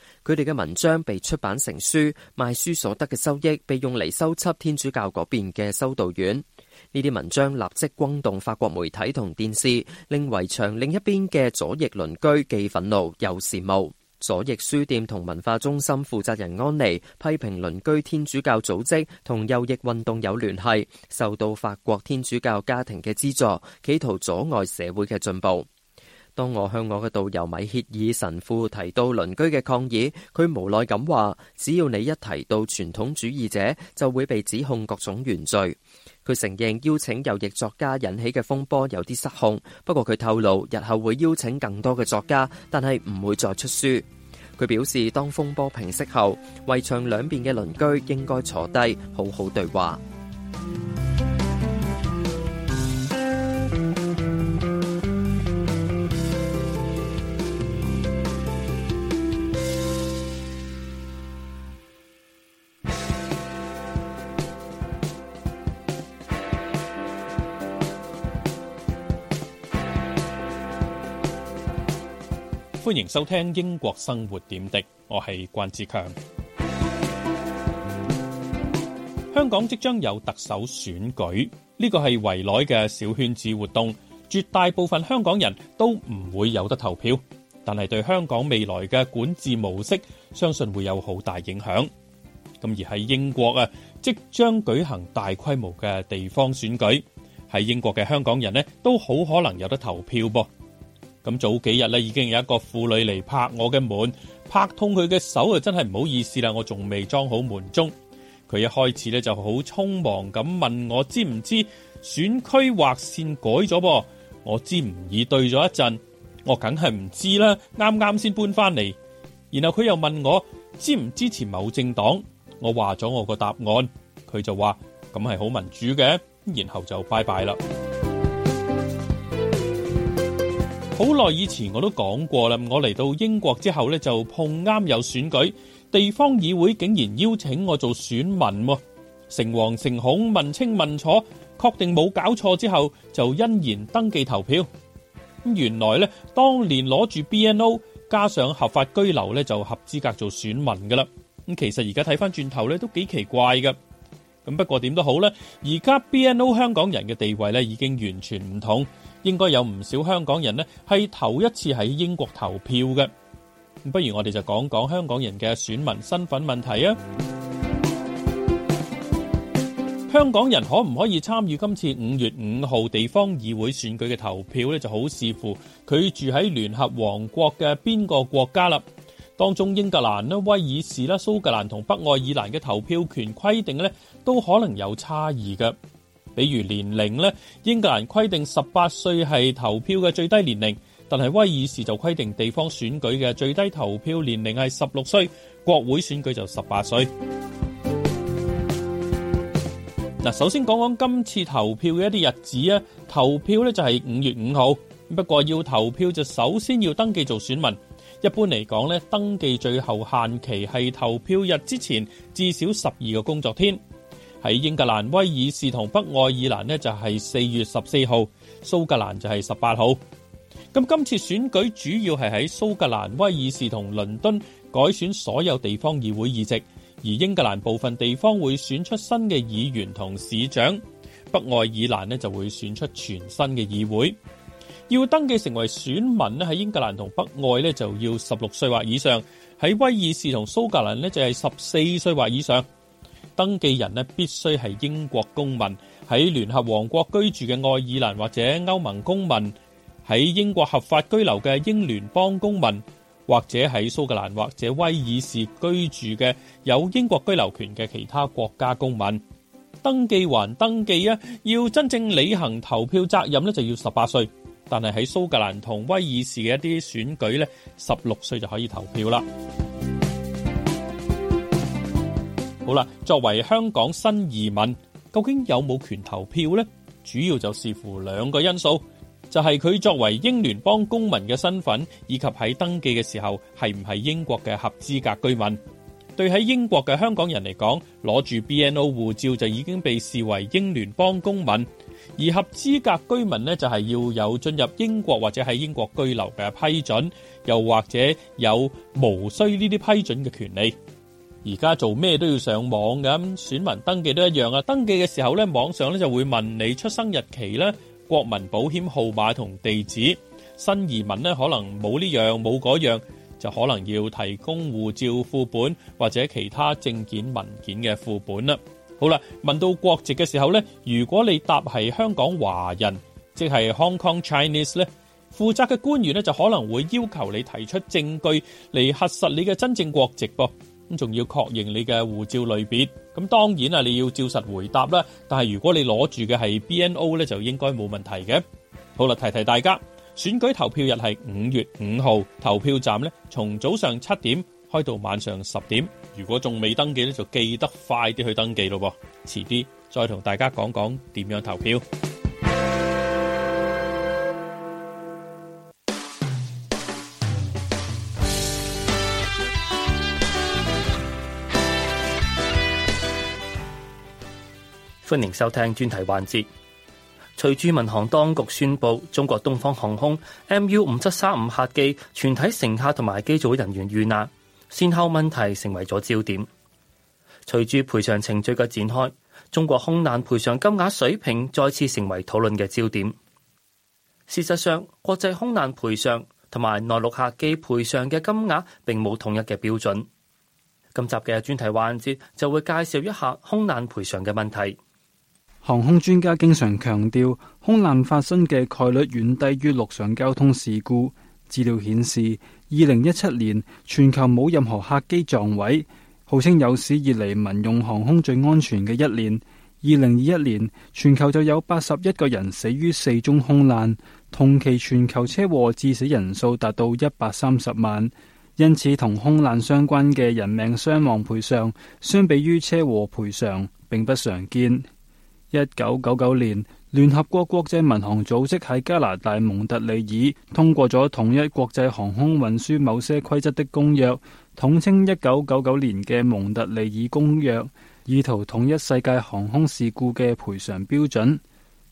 佢哋嘅文章被出版成書，賣書所得嘅收益，被用嚟收葺天主教嗰邊嘅修道院。呢啲文章立即轟動法國媒體同電視，令圍牆另一邊嘅左翼鄰居既憤怒又羨慕。左翼書店同文化中心負責人安妮批評鄰居天主教組織同右翼運動有聯繫，受到法國天主教家庭嘅資助，企圖阻礙社會嘅進步。當我向我嘅導遊米歇爾神父提到鄰居嘅抗議，佢無奈咁話：「只要你一提到傳統主義者，就會被指控各種原罪。」佢承認邀請右翼作家引起嘅風波有啲失控，不過佢透露日後會邀請更多嘅作家，但係唔會再出書。佢表示，當風波平息後，圍牆兩邊嘅鄰居應該坐低，好好對話。歡迎收聽英國生活點滴，我係關志強。香港即將有特首選舉，呢個係圍內嘅小圈子活動，絕大部分香港人都唔會有得投票，但係對香港未來嘅管治模式，相信會有好大影響。咁而喺英國啊，即將舉行大規模嘅地方選舉，喺英國嘅香港人咧，都好可能有得投票噃。咁早幾日咧，已經有一個婦女嚟拍我嘅門，拍通佢嘅手啊，真係唔好意思啦。我仲未裝好門鐘，佢一開始咧就好匆忙咁問我知唔知選區劃線改咗噃？我知唔已對咗一陣，我梗係唔知啦。啱啱先搬翻嚟，然後佢又問我支唔支持某政黨？我話咗我個答案，佢就話咁係好民主嘅，然後就拜拜啦。好耐以前我都講過啦，我嚟到英國之後咧就碰啱有選舉，地方議會竟然邀請我做選民，誠惶誠恐，問清問楚，確定冇搞錯之後就欣然登記投票。咁原來咧，當年攞住 BNO 加上合法居留咧，就合資格做選民噶啦。咁其實而家睇翻轉頭咧都幾奇怪噶。咁不過點都好咧，而家 BNO 香港人嘅地位咧已經完全唔同。應該有唔少香港人咧，係頭一次喺英國投票嘅。不如我哋就講講香港人嘅選民身份問題啊。香港人可唔可以參與今次五月五號地方議會選舉嘅投票呢？就好視乎佢住喺聯合王國嘅邊個國家啦。當中英格蘭啦、威爾士啦、蘇格蘭同北愛爾蘭嘅投票權規定咧，都可能有差異嘅。比如年齡咧，英格蘭規定十八歲係投票嘅最低年齡，但係威爾士就規定地方選舉嘅最低投票年齡係十六歲，國會選舉就十八歲。嗱， 首先講講今次投票嘅一啲日子啊，投票咧就係五月五號，不過要投票就首先要登記做選民。一般嚟講咧，登記最後限期係投票日之前至少十二個工作天。喺英格蘭、威爾士同北愛爾蘭呢，就係四月十四號，蘇格蘭就係十八號。咁今次選舉主要係喺蘇格蘭、威爾士同倫敦改選所有地方議會議席，而英格蘭部分地方會選出新嘅議員同市長，北愛爾蘭呢就會選出全新嘅議會。要登記成為選民呢，喺英格蘭同北愛呢就要十六歲或以上，喺威爾士同蘇格蘭呢，就係十四歲或以上。登記人咧必須係英國公民，喺聯合王國居住嘅愛爾蘭或者歐盟公民，喺英國合法居留嘅英聯邦公民，或者喺蘇格蘭或者威爾士居住嘅有英國居留權嘅其他國家公民。登記還登記啊，要真正履行投票責任咧就要十八歲，但係喺蘇格蘭同威爾士嘅一啲選舉咧，十六歲就可以投票啦。好啦，作為香港新移民，究竟有冇權投票呢？主要就視乎兩個因素，就係佢作為英聯邦公民嘅身份，以及喺登記嘅時候係唔係英國嘅合資格居民。對喺英國嘅香港人嚟講，攞住 BNO 護照就已經被視為英聯邦公民，而合資格居民呢，就係要有進入英國或者喺英國居留嘅批准，又或者有無需呢啲批准嘅權利。而家做咩都要上網㗎，咁選民登記都一樣啊！登記嘅時候咧，網上咧就會問你出生日期咧、國民保險號碼同地址。新移民呢，可能冇呢樣冇嗰樣，就可能要提供護照副本或者其他證件文件嘅副本啦。好啦，問到國籍嘅時候咧，如果你答係香港華人，即係 Hong Kong Chinese 咧，負責嘅官員咧就可能會要求你提出證據嚟核實你嘅真正國籍噃。咁仲要確認你嘅護照類別，咁當然啊你要照實回答啦。但係如果你攞住嘅係 BNO 呢，就應該冇問題嘅。好啦，提提大家，選舉投票日係五月五號，投票站呢，從早上七點開到晚上十點。如果仲未登記呢，就記得快啲去登記咯。噃，遲啲再同大家講講點樣投票。歡迎收聽專題環節。隨住民航當局宣布中國東方航空 MU 五七三五客機全體乘客同埋機組人員遇難，善後問題成為咗焦點。隨住賠償程序嘅展開，中國空難賠償金額水平再次成為討論嘅焦點。事實上，國際空難賠償同埋內陸客機賠償嘅金額並冇統一嘅標準。今集嘅專題環節就會介紹一下空難賠償嘅問題。航空專家經常強調，空難發生嘅概率遠低於陸上交通事故。資料顯示，二零一七年全球冇任何客機撞毀，號稱有史以嚟民用航空最安全嘅一年。二零二一年全球就有八十一個人死於四宗空難，同期全球車禍致死人數達到一百三十萬。因此，同空難相關嘅人命傷亡賠償，相比於車禍賠償，並不常見。一九九九年，聯合國國際民航組織喺加拿大蒙特利爾通過咗《統一國際航空運輸某些規則的公約》，統稱一九九九年嘅蒙特利爾公約，意圖統一世界航空事故嘅賠償標準。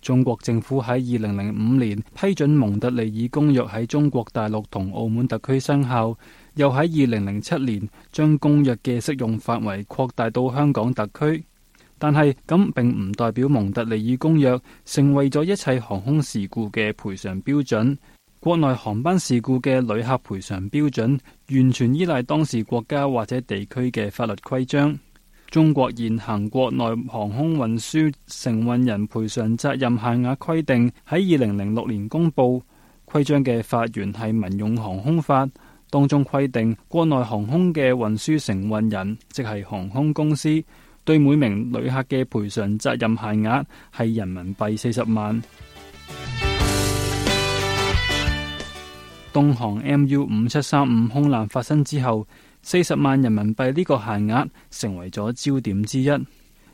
中國政府喺二零零五年批准蒙特利爾公約喺中國大陸同澳門特區生效，又喺二零零七年將公約嘅適用範圍擴大到香港特區。但係咁並唔代表蒙特利爾公約成為咗一切航空事故嘅賠償標準。國內航班事故嘅旅客賠償標準完全依賴當時國家或者地區嘅法律規章。中國現行國內航空運輸承運人賠償責任限額規定喺二零零六年公布，規章嘅法源係民用航空法當中規定，國內航空嘅運輸承運人即係航空公司。對每名旅客嘅賠償責任限額係人民幣四十萬。 東航 MU 五七三五空難發生之後，四十萬人民幣呢個限額成為咗焦點之一。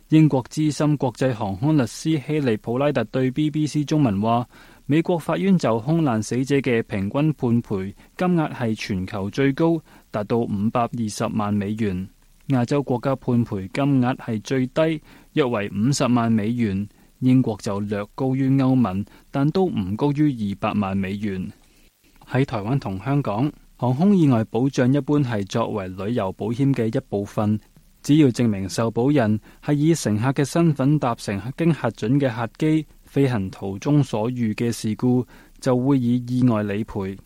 英國資深國際航空律師希利普拉特對 BBC 中文話，美國法院就空難死者嘅平均判賠金額係全球最高，達到五百二十萬美元。亞洲國家判賠金額係最低，約為五十萬美元。英國就略高於歐盟，但都唔高於二百萬美元。喺台灣同香港，航空意外保障一般係作為旅遊保險嘅一部分。只要證明受保人係以乘客嘅身份搭乘經核準嘅客機，飛行途中所遇嘅事故就會以意外理賠。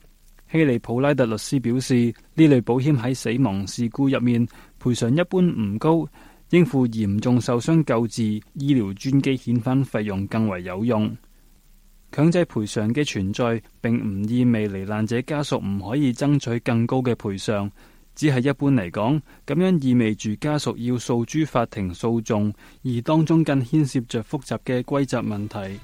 希利普拉特律師表示，呢類保險喺死亡事故入面，賠償一般唔高，應付嚴重受傷救治、醫療專機遣返費用，更為有用。強制賠償嘅存在並唔意味罹難者家屬唔可以爭取更高嘅賠償，只係一般嚟講，咁樣意味住家屬要訴諸法庭訴訟，而當中更牽涉着複雜嘅規則問題。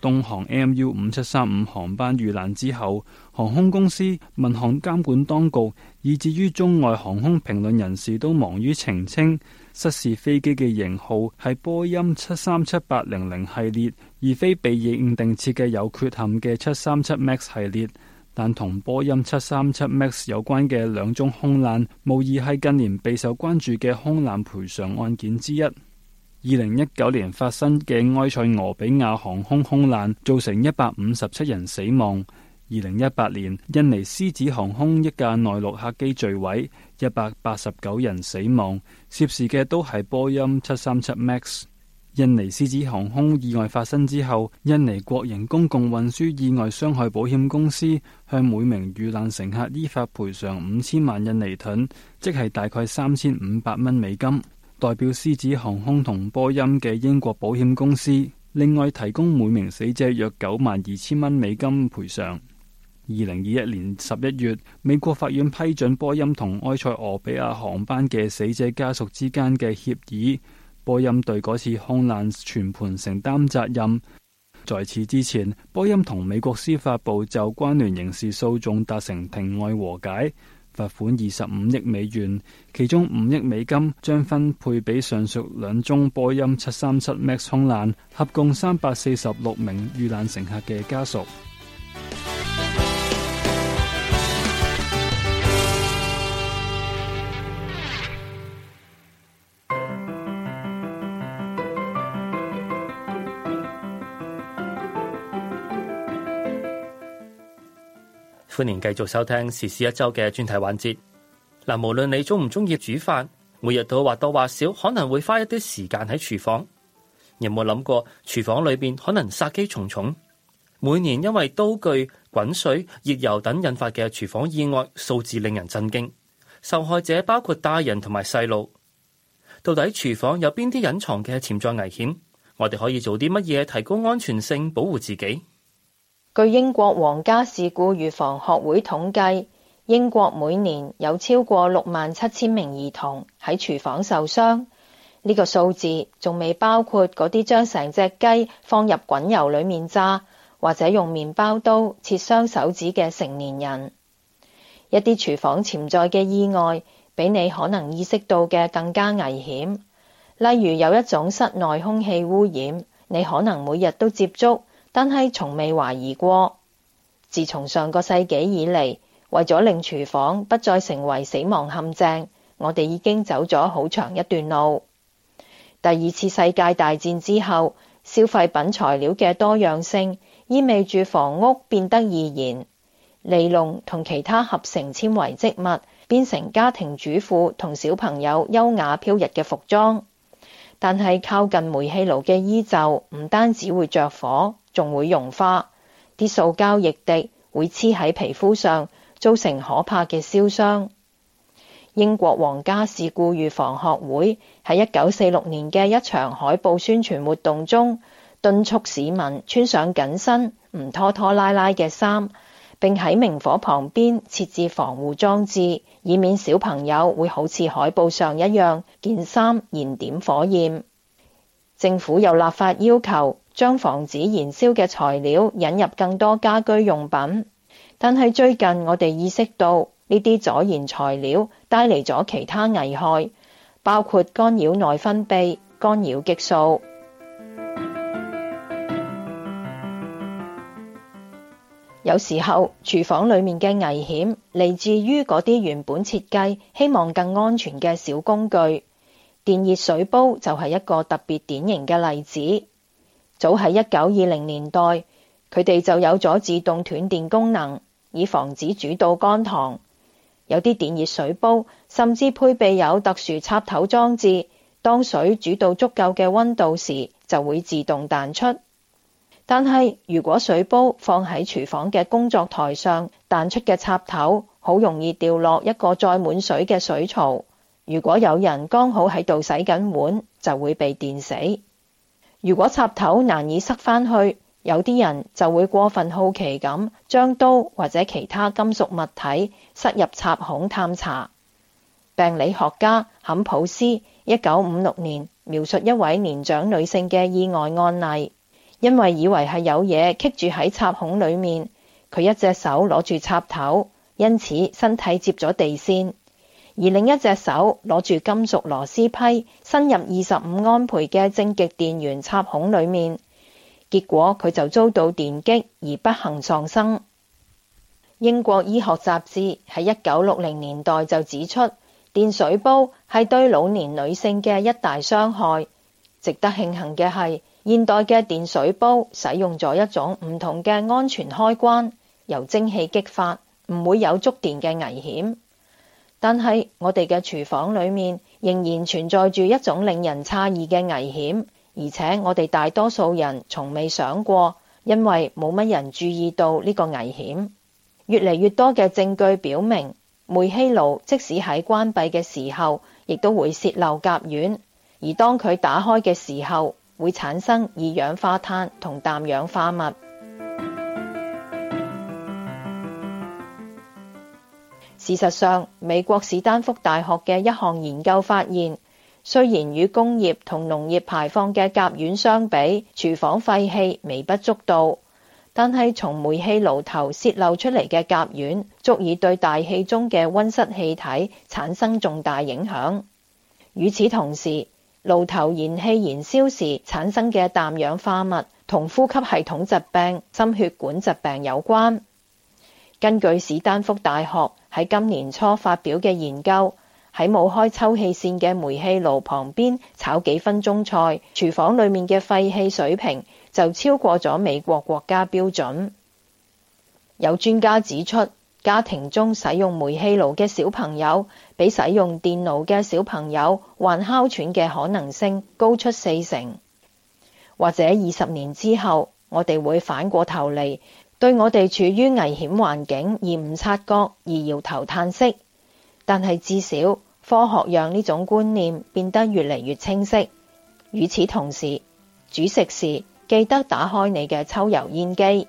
東航 MU 五七三五航班遇難之後，航空公司、民航監管當局以至於中外航空評論人士都忙於澄清，失事飛機嘅型號係波音七三七八零零系列，而非被認定設計有缺陷嘅七三七 Max 系列。但同波音七三七 Max 有關嘅兩宗空難，無疑係近年備受關注嘅空難賠償案件之一。二零一九年發生嘅埃塞俄比亞航空空難，造成一百五十七人死亡。二零一八年印尼獅子航空一架內陸客機墜毀，一百八十九人死亡，涉事嘅都係波音七三七 MAX。印尼獅子航空意外發生之後，印尼國營公共運輸意外傷害保險公司向每名遇難乘客依法賠償五千萬印尼盾，即係大概三千五百蚊美金。代表獅子航空同波音嘅英國保險公司，另外提供每名死者約九萬二千蚊美金賠償。二零二一年十一月，美國法院批准波音同埃塞俄比亞航班嘅死者家屬之間嘅協議，波音對嗰次空難全盤承擔責任。在此之前，波音同美國司法部就關聯刑事訴訟達成庭外和解。罰款二十五億美元，其中五億美金將分配俾上述兩宗波音七三七 MAX 空難，合共三百四十六名遇難乘客嘅家屬。歡迎繼續收聽時事一周嘅專題環節。嗱，無論你中唔中意煮飯，每日都或多或少可能會花一啲時間喺廚房。有冇諗過廚房裏邊可能殺機重重？每年因為刀具、滾水、熱油等引發嘅廚房意外數字令人震驚，受害者包括大人同埋細路。到底廚房有邊啲隱藏嘅潛在危險？我哋可以做啲乜嘢提高安全性，保護自己？據英國皇家事故預防學會統計，英國每年有超過六萬七千名兒童喺廚房受傷。呢個數字仲未包括嗰啲將成隻雞放入滾油裏面炸，或者用麵包刀切傷手指嘅成年人。一啲廚房潛在嘅意外，比你可能意識到嘅更加危險。例如有一種室內空氣污染，你可能每日都接觸。但係從未懷疑過。自從上個世紀以嚟，為咗令廚房不再成為死亡陷阱，我哋已經走咗好長一段路。第二次世界大戰之後，消費品材料嘅多樣性意味住房屋變得易燃，尼龍同其他合成纖維織物變成家庭主婦同小朋友優雅飄逸嘅服裝。但係靠近煤氣爐嘅衣袖唔單止會着火。仲會溶化，啲塑膠液滴會黐喺皮膚上，造成可怕嘅燒傷。英國皇家事故預防學會喺一九四六年嘅一場海報宣傳活動中，敦促市民穿上緊身、唔拖拖拉拉嘅衫，並喺明火旁邊設置防護裝置，以免小朋友會好似海報上一樣件衫燃點火焰。政府又立法要求，將防止燃燒嘅材料引入更多家居用品，但係最近我哋意識到呢啲阻燃材料帶嚟咗其他危害，包括干擾內分泌、干擾激素。 有時候廚房裏面嘅危險嚟自於嗰啲原本設計希望更安全嘅小工具，電熱水煲就係一個特別典型嘅例子。早喺一九二零年代，佢哋就有咗自動斷電功能，以防止煮到乾塘。有啲電熱水煲甚至配備有特殊插頭裝置，當水煮到足夠嘅溫度時，就會自動彈出。但係如果水煲放喺廚房嘅工作台上，彈出嘅插頭好容易掉落一個載滿水嘅水槽。如果有人剛好喺度洗緊碗，就會被電死。如果插頭難以塞返去，有啲人就會過分好奇咁，將刀或者其他金屬物體塞入插孔探查。病理學家坎普斯一九五六年描述一位年長女性嘅意外案例，因為以為係有嘢棘住喺插孔裏面，佢一隻手攞住插頭，因此身體接咗地線，而另一隻手攞住金屬螺絲批，伸入二十五安培嘅正極電源插孔裡面，結果佢就遭到電擊而不幸喪生。英國醫學雜誌喺一九六零年代就指出，電水煲係對老年女性嘅一大傷害。值得慶幸嘅係，現代嘅電水煲使用咗一種唔同嘅安全開關，由蒸汽激發，唔會有觸電嘅危險。但係我哋嘅廚房裏面仍然存在住一種令人詫異嘅危險，而且我哋大多數人從未想過，因為冇乜人注意到呢個危險。越嚟越多嘅證據表明，煤氣爐即使喺關閉嘅時候，亦都會洩漏甲烷，而當佢打開嘅時候，會產生二氧化碳同氮氧化物。事實上，美國史丹福大學嘅一項研究發現，雖然與工業同農業排放嘅甲烷相比，廚房廢氣微不足道，但係從煤氣爐頭洩漏出嚟嘅甲烷足以對大氣中嘅温室氣體產生重大影響。與此同時，爐頭燃氣燃燒時產生嘅氮氧化物同呼吸系統疾病、心血管疾病有關。根據史丹福大學喺今年初發表嘅研究，喺冇開抽氣扇嘅煤氣爐旁邊炒幾分鐘菜，廚房裏面嘅廢氣水平就超過咗美國國家標準。有專家指出，家庭中使用煤氣爐嘅小朋友，比使用電爐嘅小朋友患哮喘嘅可能性高出四成，或者二十年之後，我哋會反過頭嚟，對我哋處於危險環境而唔察覺而搖頭嘆息，但係至少科學讓呢種觀念變得越嚟越清晰。與此同時，煮食時記得打開你嘅抽油煙機。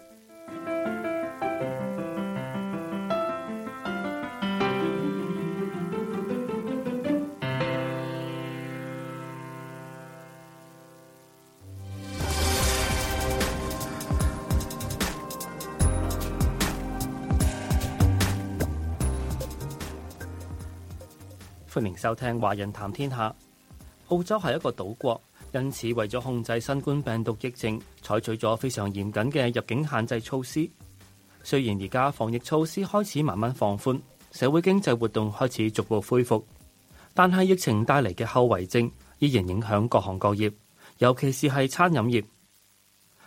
歡迎收聽《華人談天下》。澳洲係一個島國，因此為咗控制新冠病毒疫情，採取咗非常嚴謹嘅入境限制措施。雖然而家防疫措施開始慢慢放寬，社會經濟活動開始逐步恢復，但係疫情帶嚟嘅後遺症依然影響各行各業，尤其是係餐飲業。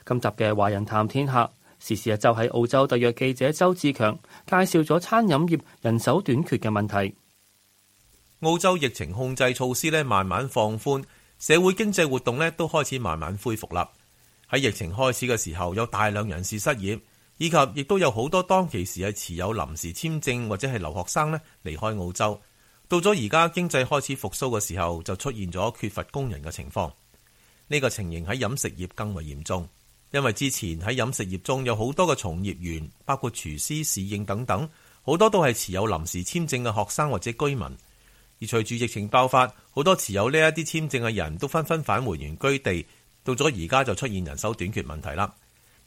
今集嘅《華人談天下》，時事一周就喺澳洲特約記者周志強介紹咗餐飲業人手短缺嘅問題。澳洲疫情控制措施咧，慢慢放寬，社會經濟活動咧都開始慢慢恢復啦。喺疫情開始嘅時候，有大量人士失業，以及亦都有好多當其時係持有臨時簽證或者係留學生呢離開澳洲。到咗而家經濟開始復甦嘅時候，就出現咗缺乏工人嘅情況。呢個情形喺飲食業更為嚴重，因為之前喺飲食業中有好多嘅從業員，包括廚師、侍應等等，好多都係持有臨時簽證嘅學生或者居民。而隨住疫情爆發，好多持有呢一啲簽證嘅人都紛紛返回原居地，到咗而家就出現人手短缺問題啦。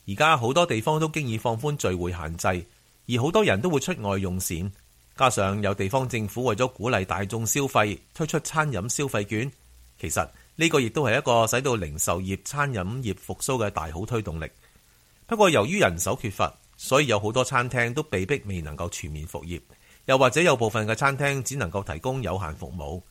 而家好多地方都經已放寬聚會限制，而好多人都會出外用膳，加上有地方政府為咗鼓勵大眾消費，推出餐飲消費券，其實呢個亦都係一個使到零售業、餐飲業復甦嘅大好推動力。不過由於人手缺乏，所以有好多餐廳都被逼未能夠全面復業。又或者有部分嘅餐廳只能夠提供有限服務，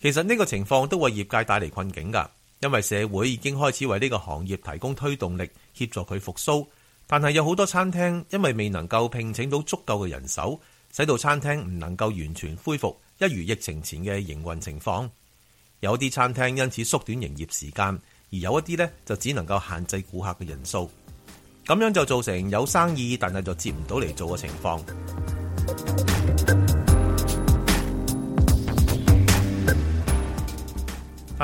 其實呢個情況都為業界帶嚟困境㗎，因為社會已經開始為呢個行業提供推動力，協助佢復甦。但係有好多餐廳因為未能夠聘請到足夠嘅人手，使到餐廳唔能夠完全恢復一如疫情前嘅營運情況。有啲餐廳因此縮短營業時間，而有一啲呢就只能夠限制顧客嘅人數，咁樣就造成有生意但係就接唔到嚟做嘅情況。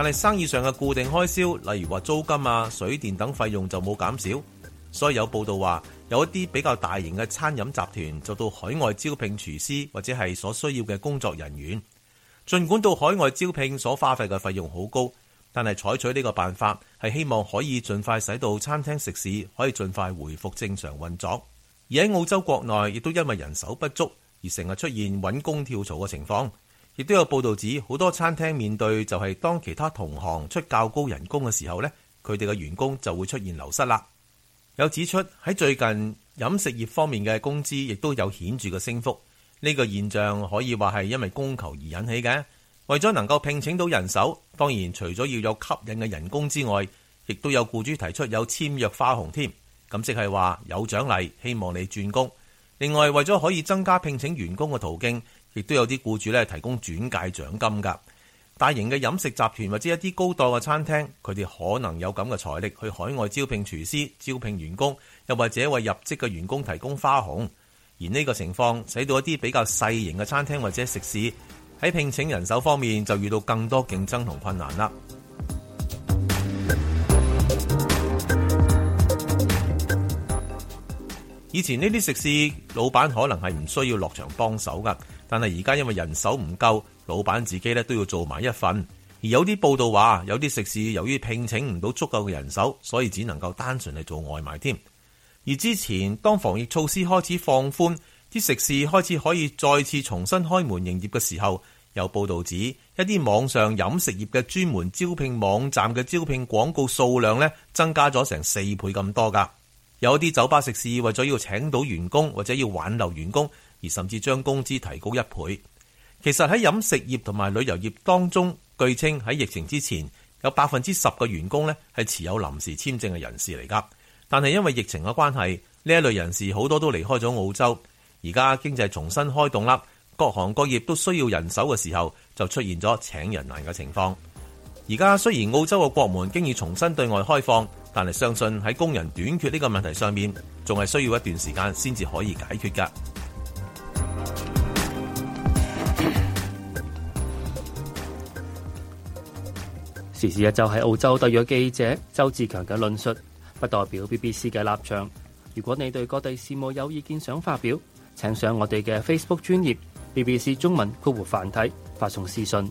但係生意上嘅固定開銷，例如話租金啊、水電等費用就冇減少，所以有報道話有一啲比較大型嘅餐飲集團就到海外招聘廚師或者係所需要嘅工作人員。盡管到海外招聘所花費嘅費用好高，但係採取呢個辦法係希望可以盡快使到餐廳食肆可以盡快回復正常運作。而喺澳洲國內亦都因為人手不足，而成日出現揾工跳槽嘅情況。亦都有報道指，好多餐廳面對就係當其他同行出較高人工嘅時候呢，佢哋嘅員工就會出現流失啦。有指出喺最近飲食業方面嘅工資亦都有顯著嘅升幅，呢個現象可以話係因為供求而引起嘅。為咗能夠聘請到人手，當然除咗要有吸引嘅人工之外，亦都有僱主提出有簽約花紅添，咁即係話有獎勵，希望你轉工。另外為咗可以增加聘請員工嘅途徑。亦都有啲僱主咧提供轉介獎金噶大型嘅飲食集團或者一啲高檔嘅餐廳，佢哋可能有咁嘅財力去海外招聘廚師、招聘員工，又或者為入職嘅員工提供花紅。而呢個情況使到一啲比較細型嘅餐廳或者食肆喺聘請人手方面就遇到更多競爭同困難啦。以前呢啲食肆老闆可能係唔需要落場幫手噶，但係而家因為人手唔夠，老闆自己咧都要做埋一份。而有啲報道話，有啲食肆由於聘請唔到足夠嘅人手，所以只能夠單純嚟做外賣添。而之前當防疫措施開始放寬，啲食肆開始可以再次重新開門營業嘅時候，有報道指一啲網上飲食業嘅專門招聘網站嘅招聘廣告數量呢，增加咗成四倍咁多噶。有啲酒吧食肆為咗要請到員工或者要挽留員工，而甚至將工資提高一倍。其實喺飲食業同埋旅遊業當中，據稱喺疫情之前有百分之十嘅員工呢，係持有臨時簽證嘅人士嚟噶。但係因為疫情嘅關係，呢一類人士好多都離開咗澳洲。而家經濟重新開動啦，各行各業都需要人手嘅時候，就出現咗請人難嘅情況。而家雖然澳洲嘅國門經已重新對外開放。但係相信喺工人短缺呢個問題上面，仲係需要一段時間先至可以解決噶。時事一周喺澳洲特約記者周志強嘅論述，不代表 BBC 嘅立場。如果你對各地事務有意見想發表，請上我哋嘅 Facebook 專頁 BBC 中文括弧繁體發送私信。